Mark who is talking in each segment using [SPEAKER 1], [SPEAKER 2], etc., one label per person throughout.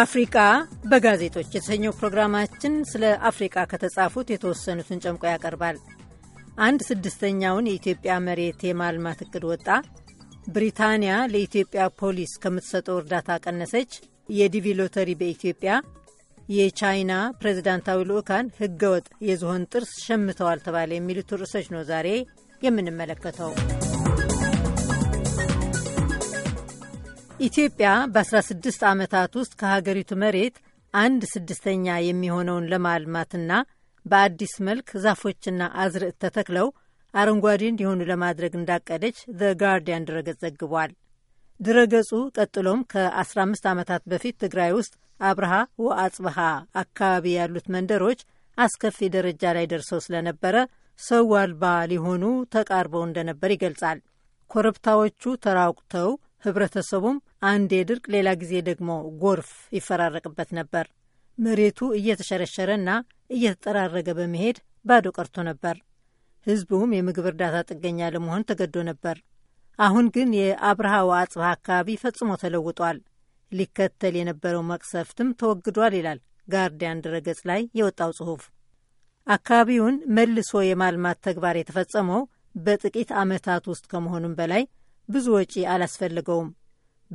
[SPEAKER 1] አፍሪቃ በጋዜጦች የተሰኘው ፕሮግራማችን ስለ አፍሪቃ ከተጻፉት የተወሰኑትን ጨምቆ ያቀርባል። አንድ ስድስተኛውን የኢትዮጵያ መሬት የማልማት እቅድ ወጣ፣ ብሪታንያ ለኢትዮጵያ ፖሊስ ከምትሰጠው እርዳታ ቀነሰች፣ የዲቪ ሎተሪ በኢትዮጵያ፣ የቻይና ፕሬዚዳንታዊ ልዑካን ህገወጥ የዝሆን ጥርስ ሸምተዋል ተባለ የሚሉት ርዕሶች ነው ዛሬ የምንመለከተው። ኢትዮጵያ በ16 ዓመታት ውስጥ ከሀገሪቱ መሬት አንድ ስድስተኛ የሚሆነውን ለማልማትና በአዲስ መልክ ዛፎችና አዝርዕት ተተክለው አረንጓዴ እንዲሆኑ ለማድረግ እንዳቀደች ዘ ጋርዲያን ድረገጽ ዘግቧል። ድረገጹ ቀጥሎም ከ15 ዓመታት በፊት ትግራይ ውስጥ አብርሃ ወአጽብሃ አካባቢ ያሉት መንደሮች አስከፊ ደረጃ ላይ ደርሰው ስለነበረ ሰው አልባ ሊሆኑ ተቃርበው እንደነበር ይገልጻል። ኮረብታዎቹ ተራቁተው ህብረተሰቡም አንዴ ድርቅ ሌላ ጊዜ ደግሞ ጎርፍ ይፈራረቅበት ነበር። መሬቱ እየተሸረሸረና እየተጠራረገ በመሄድ ባዶ ቀርቶ ነበር። ህዝቡም የምግብ እርዳታ ጥገኛ ለመሆን ተገዶ ነበር። አሁን ግን የአብርሃ ወአጽብሃ አካባቢ ፈጽሞ ተለውጧል። ሊከተል የነበረው መቅሰፍትም ተወግዷል ይላል ጋርዲያን ድረገጽ ላይ የወጣው ጽሑፍ። አካባቢውን መልሶ የማልማት ተግባር የተፈጸመው በጥቂት ዓመታት ውስጥ ከመሆኑም በላይ ብዙ ወጪ አላስፈልገውም።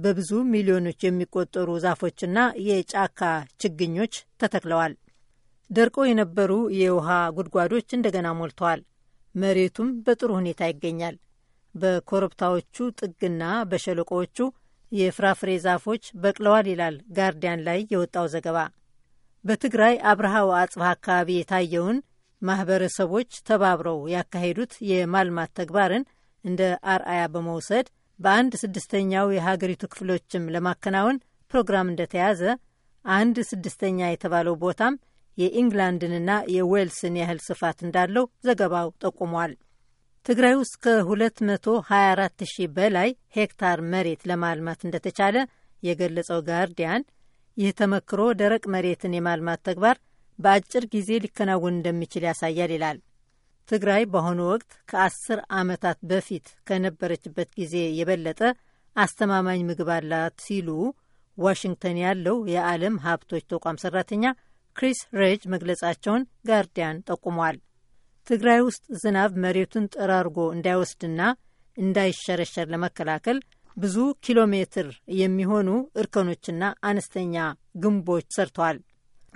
[SPEAKER 1] በብዙ ሚሊዮኖች የሚቆጠሩ ዛፎችና የጫካ ችግኞች ተተክለዋል። ደርቀው የነበሩ የውሃ ጉድጓዶች እንደገና ሞልተዋል። መሬቱም በጥሩ ሁኔታ ይገኛል። በኮረብታዎቹ ጥግና በሸለቆዎቹ የፍራፍሬ ዛፎች በቅለዋል ይላል ጋርዲያን ላይ የወጣው ዘገባ። በትግራይ አብርሃው አጽባህ አካባቢ የታየውን ማኅበረሰቦች ተባብረው ያካሄዱት የማልማት ተግባርን እንደ አርአያ በመውሰድ በአንድ ስድስተኛው የሀገሪቱ ክፍሎችም ለማከናወን ፕሮግራም እንደተያዘ አንድ ስድስተኛ የተባለው ቦታም የኢንግላንድንና የዌልስን ያህል ስፋት እንዳለው ዘገባው ጠቁሟል። ትግራይ ውስጥ ከ224 ሺህ በላይ ሄክታር መሬት ለማልማት እንደተቻለ የገለጸው ጋርዲያን ይህ ተመክሮ ደረቅ መሬትን የማልማት ተግባር በአጭር ጊዜ ሊከናወን እንደሚችል ያሳያል ይላል። ትግራይ በአሁኑ ወቅት ከአስር ዓመታት በፊት ከነበረችበት ጊዜ የበለጠ አስተማማኝ ምግብ አላት ሲሉ ዋሽንግተን ያለው የዓለም ሀብቶች ተቋም ሰራተኛ ክሪስ ሬጅ መግለጻቸውን ጋርዲያን ጠቁሟል። ትግራይ ውስጥ ዝናብ መሬቱን ጠራርጎ እንዳይወስድና እንዳይሸረሸር ለመከላከል ብዙ ኪሎ ሜትር የሚሆኑ እርከኖችና አነስተኛ ግንቦች ሰርተዋል።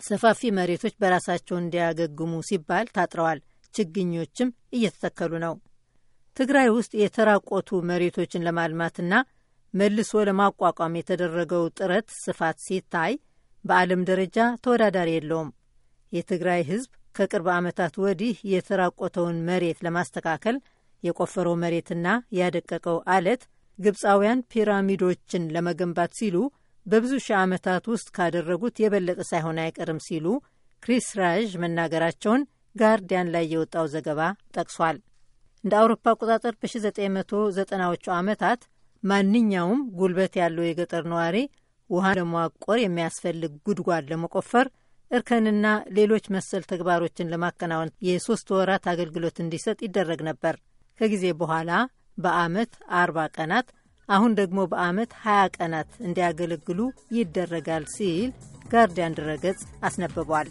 [SPEAKER 1] ሰፋፊ መሬቶች በራሳቸው እንዲያገግሙ ሲባል ታጥረዋል። ችግኞችም እየተተከሉ ነው። ትግራይ ውስጥ የተራቆቱ መሬቶችን ለማልማትና መልሶ ለማቋቋም የተደረገው ጥረት ስፋት ሲታይ በዓለም ደረጃ ተወዳዳሪ የለውም። የትግራይ ሕዝብ ከቅርብ ዓመታት ወዲህ የተራቆተውን መሬት ለማስተካከል የቆፈረው መሬትና ያደቀቀው አለት ግብፃውያን ፒራሚዶችን ለመገንባት ሲሉ በብዙ ሺህ ዓመታት ውስጥ ካደረጉት የበለጠ ሳይሆን አይቀርም ሲሉ ክሪስ ራዥ መናገራቸውን ጋርዲያን ላይ የወጣው ዘገባ ጠቅሷል። እንደ አውሮፓ አቆጣጠር በ1990ዎቹ ዓመታት ማንኛውም ጉልበት ያለው የገጠር ነዋሪ ውሃ ለመዋቆር የሚያስፈልግ ጉድጓድ ለመቆፈር እርከንና ሌሎች መሰል ተግባሮችን ለማከናወን የሶስት ወራት አገልግሎት እንዲሰጥ ይደረግ ነበር። ከጊዜ በኋላ በአመት አርባ ቀናት አሁን ደግሞ በአመት 20 ቀናት እንዲያገለግሉ ይደረጋል ሲል ጋርዲያን ድረገጽ አስነብቧል።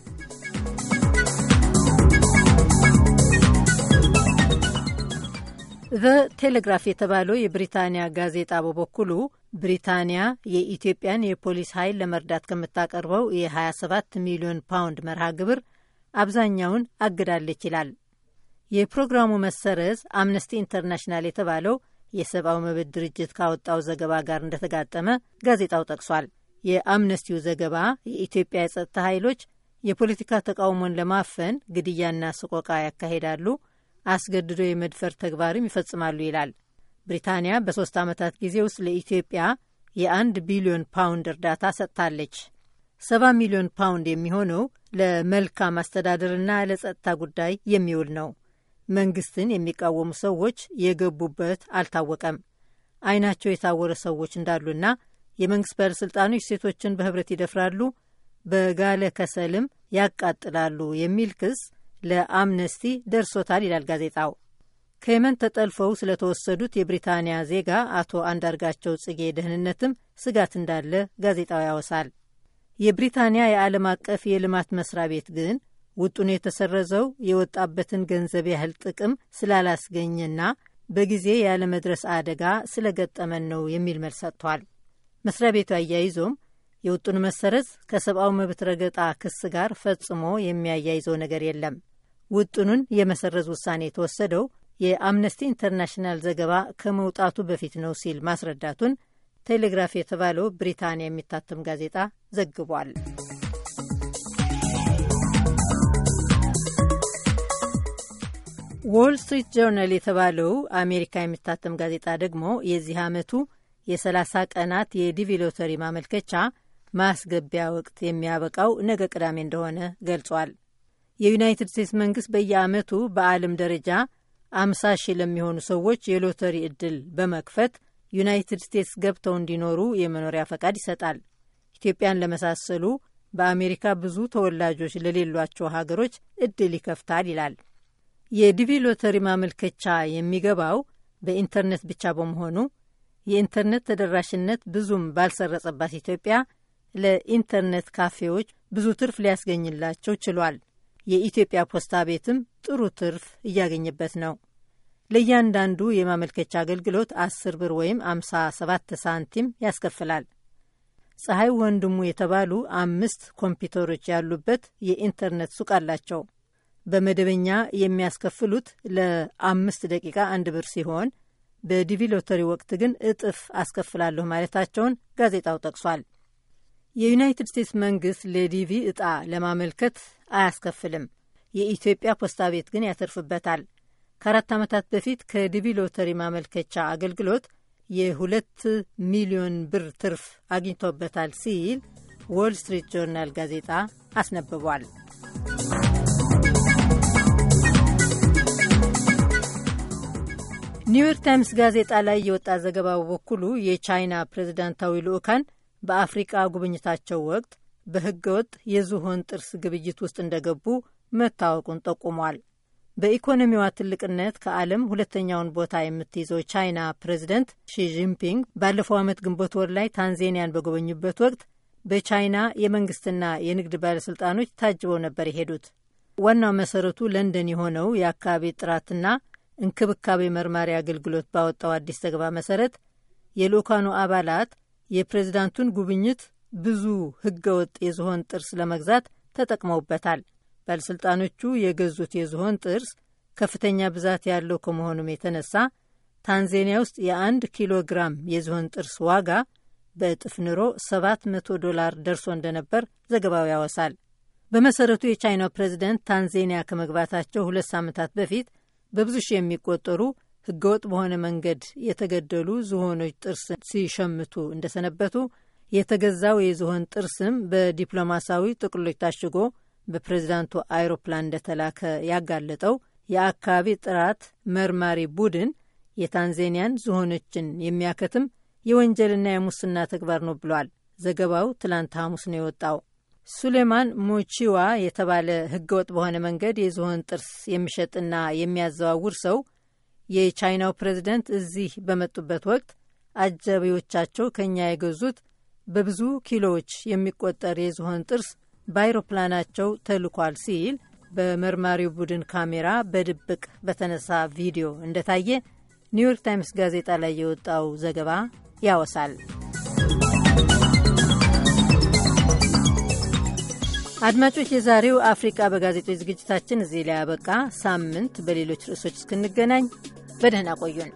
[SPEAKER 1] ዘ ቴሌግራፍ የተባለው የብሪታንያ ጋዜጣ በበኩሉ ብሪታንያ የኢትዮጵያን የፖሊስ ኃይል ለመርዳት ከምታቀርበው የ27 ሚሊዮን ፓውንድ መርሃ ግብር አብዛኛውን አግዳለች ይላል። የፕሮግራሙ መሰረዝ አምነስቲ ኢንተርናሽናል የተባለው የሰብአዊ መብት ድርጅት ካወጣው ዘገባ ጋር እንደተጋጠመ ጋዜጣው ጠቅሷል። የአምነስቲው ዘገባ የኢትዮጵያ የጸጥታ ኃይሎች የፖለቲካ ተቃውሞን ለማፈን ግድያና ስቆቃ ያካሂዳሉ አስገድዶ የመድፈር ተግባርም ይፈጽማሉ ይላል። ብሪታንያ በሶስት ዓመታት ጊዜ ውስጥ ለኢትዮጵያ የአንድ ቢሊዮን ፓውንድ እርዳታ ሰጥታለች። ሰባ ሚሊዮን ፓውንድ የሚሆነው ለመልካም አስተዳደርና ለጸጥታ ጉዳይ የሚውል ነው። መንግስትን የሚቃወሙ ሰዎች የገቡበት አልታወቀም። አይናቸው የታወረ ሰዎች እንዳሉና የመንግስት ባለሥልጣኖች ሴቶችን በህብረት ይደፍራሉ፣ በጋለ ከሰልም ያቃጥላሉ የሚል ክስ ለአምነስቲ ደርሶታል ይላል ጋዜጣው። ከየመን ተጠልፈው ስለተወሰዱት የብሪታንያ ዜጋ አቶ አንዳርጋቸው ጽጌ ደህንነትም ስጋት እንዳለ ጋዜጣው ያወሳል። የብሪታንያ የዓለም አቀፍ የልማት መስሪያ ቤት ግን ውጡን የተሰረዘው የወጣበትን ገንዘብ ያህል ጥቅም ስላላስገኘና በጊዜ ያለመድረስ አደጋ ስለገጠመን ነው የሚል መልስ ሰጥቷል። መስሪያ ቤቱ አያይዞም የውጡን መሰረዝ ከሰብአዊ መብት ረገጣ ክስ ጋር ፈጽሞ የሚያያይዘው ነገር የለም። ውጡኑን የመሰረዝ ውሳኔ የተወሰደው የአምነስቲ ኢንተርናሽናል ዘገባ ከመውጣቱ በፊት ነው ሲል ማስረዳቱን ቴሌግራፍ የተባለው ብሪታንያ የሚታተም ጋዜጣ ዘግቧል። ዎል ስትሪት ጆርናል የተባለው አሜሪካ የሚታተም ጋዜጣ ደግሞ የዚህ ዓመቱ የ30 ቀናት የዲቪ ሎተሪ ማመልከቻ ማስገቢያ ወቅት የሚያበቃው ነገ ቅዳሜ እንደሆነ ገልጿል። የዩናይትድ ስቴትስ መንግስት በየዓመቱ በዓለም ደረጃ አምሳ ሺህ ለሚሆኑ ሰዎች የሎተሪ ዕድል በመክፈት ዩናይትድ ስቴትስ ገብተው እንዲኖሩ የመኖሪያ ፈቃድ ይሰጣል። ኢትዮጵያን ለመሳሰሉ በአሜሪካ ብዙ ተወላጆች ለሌሏቸው ሀገሮች ዕድል ይከፍታል ይላል። የዲቪ ሎተሪ ማመልከቻ የሚገባው በኢንተርኔት ብቻ በመሆኑ የኢንተርኔት ተደራሽነት ብዙም ባልሰረጸባት ኢትዮጵያ ለኢንተርኔት ካፌዎች ብዙ ትርፍ ሊያስገኝላቸው ችሏል። የኢትዮጵያ ፖስታ ቤትም ጥሩ ትርፍ እያገኘበት ነው። ለእያንዳንዱ የማመልከቻ አገልግሎት አስር ብር ወይም 57 ሳንቲም ያስከፍላል። ፀሐይ ወንድሙ የተባሉ አምስት ኮምፒውተሮች ያሉበት የኢንተርኔት ሱቅ አላቸው። በመደበኛ የሚያስከፍሉት ለአምስት ደቂቃ አንድ ብር ሲሆን በዲቪ ሎተሪ ወቅት ግን እጥፍ አስከፍላለሁ ማለታቸውን ጋዜጣው ጠቅሷል። የዩናይትድ ስቴትስ መንግስት ለዲቪ እጣ ለማመልከት አያስከፍልም። የኢትዮጵያ ፖስታ ቤት ግን ያተርፍበታል። ከአራት ዓመታት በፊት ከዲቪ ሎተሪ ማመልከቻ አገልግሎት የሁለት ሚሊዮን ብር ትርፍ አግኝቶበታል ሲል ዎል ስትሪት ጆርናል ጋዜጣ አስነብቧል። ኒውዮርክ ታይምስ ጋዜጣ ላይ የወጣ ዘገባ በበኩሉ የቻይና ፕሬዝዳንታዊ ልዑካን በአፍሪቃ ጉብኝታቸው ወቅት በህገወጥ የዝሆን ጥርስ ግብይት ውስጥ እንደገቡ መታወቁን ጠቁሟል። በኢኮኖሚዋ ትልቅነት ከዓለም ሁለተኛውን ቦታ የምትይዘው ቻይና ፕሬዚደንት ሺጂንፒንግ ባለፈው ዓመት ግንቦት ወር ላይ ታንዜኒያን በጎበኙበት ወቅት በቻይና የመንግስትና የንግድ ባለሥልጣኖች ታጅበው ነበር የሄዱት። ዋናው መሰረቱ ለንደን የሆነው የአካባቢ ጥራትና እንክብካቤ መርማሪ አገልግሎት ባወጣው አዲስ ዘገባ መሰረት የልኡካኑ አባላት የፕሬዝዳንቱን ጉብኝት ብዙ ህገወጥ የዝሆን ጥርስ ለመግዛት ተጠቅመውበታል። ባለሥልጣኖቹ የገዙት የዝሆን ጥርስ ከፍተኛ ብዛት ያለው ከመሆኑም የተነሳ ታንዜኒያ ውስጥ የአንድ ኪሎ ግራም የዝሆን ጥርስ ዋጋ በእጥፍ ኑሮ 700 ዶላር ደርሶ እንደነበር ዘገባው ያወሳል። በመሰረቱ የቻይናው ፕሬዚደንት ታንዜኒያ ከመግባታቸው ሁለት ሳምንታት በፊት በብዙ ሺህ የሚቆጠሩ ህገወጥ በሆነ መንገድ የተገደሉ ዝሆኖች ጥርስ ሲሸምቱ እንደሰነበቱ የተገዛው የዝሆን ጥርስም በዲፕሎማሲያዊ ጥቅሎች ታሽጎ በፕሬዚዳንቱ አይሮፕላን እንደተላከ ያጋለጠው የአካባቢ ጥራት መርማሪ ቡድን የታንዛኒያን ዝሆኖችን የሚያከትም የወንጀልና የሙስና ተግባር ነው ብሏል። ዘገባው ትላንት ሐሙስ ነው የወጣው። ሱሌማን ሞቺዋ የተባለ ህገወጥ በሆነ መንገድ የዝሆን ጥርስ የሚሸጥና የሚያዘዋውር ሰው የቻይናው ፕሬዝደንት እዚህ በመጡበት ወቅት አጃቢዎቻቸው ከእኛ የገዙት በብዙ ኪሎዎች የሚቆጠር የዝሆን ጥርስ በአይሮፕላናቸው ተልኳል ሲል በመርማሪው ቡድን ካሜራ በድብቅ በተነሳ ቪዲዮ እንደታየ ኒውዮርክ ታይምስ ጋዜጣ ላይ የወጣው ዘገባ ያወሳል። አድማጮች፣ የዛሬው አፍሪቃ በጋዜጦች ዝግጅታችን እዚህ ላይ ያበቃ። ሳምንት በሌሎች ርዕሶች እስክንገናኝ በደህና ቆዩን።